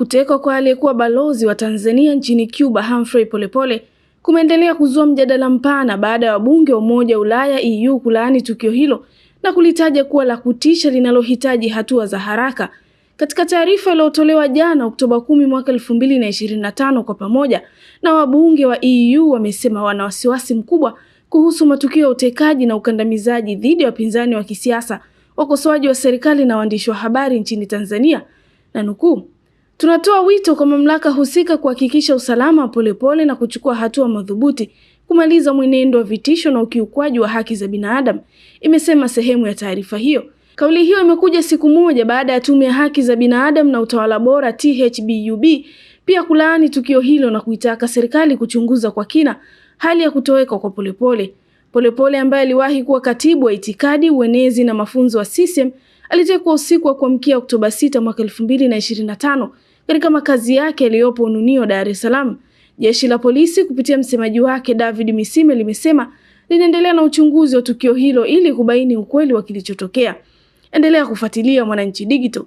Kutekwa kwa aliyekuwa balozi wa Tanzania nchini Cuba Humphrey Polepole kumeendelea kuzua mjadala mpana baada ya wabunge wa Umoja wa Ulaya EU kulaani tukio hilo na kulitaja kuwa la kutisha linalohitaji hatua za haraka. Katika taarifa iliyotolewa jana Oktoba 10 mwaka 2025 kwa pamoja na wabunge wa EU wamesema wana wasiwasi mkubwa kuhusu matukio ya utekaji na ukandamizaji dhidi ya wapinzani wa kisiasa, wakosoaji wa serikali na waandishi wa habari nchini Tanzania na nukuu Tunatoa wito kwa mamlaka husika kuhakikisha usalama wa Polepole na kuchukua hatua madhubuti kumaliza mwenendo wa vitisho na ukiukwaji wa haki za binadamu, imesema sehemu ya taarifa hiyo. Kauli hiyo imekuja siku moja baada ya Tume ya Haki za Binadamu na Utawala Bora THBUB pia kulaani tukio hilo na kuitaka serikali kuchunguza kwa kina hali ya kutoweka kwa Polepole. Polepole ambaye aliwahi kuwa katibu wa itikadi, uenezi na mafunzo wa CCM alitekwa usiku wa kuamkia Oktoba 6 mwaka 2025 katika makazi yake yaliyopo Ununio, Dar es Salaam. Jeshi la polisi kupitia msemaji wake David Misime limesema linaendelea na uchunguzi wa tukio hilo ili kubaini ukweli wa kilichotokea. Endelea kufuatilia Mwananchi Digital.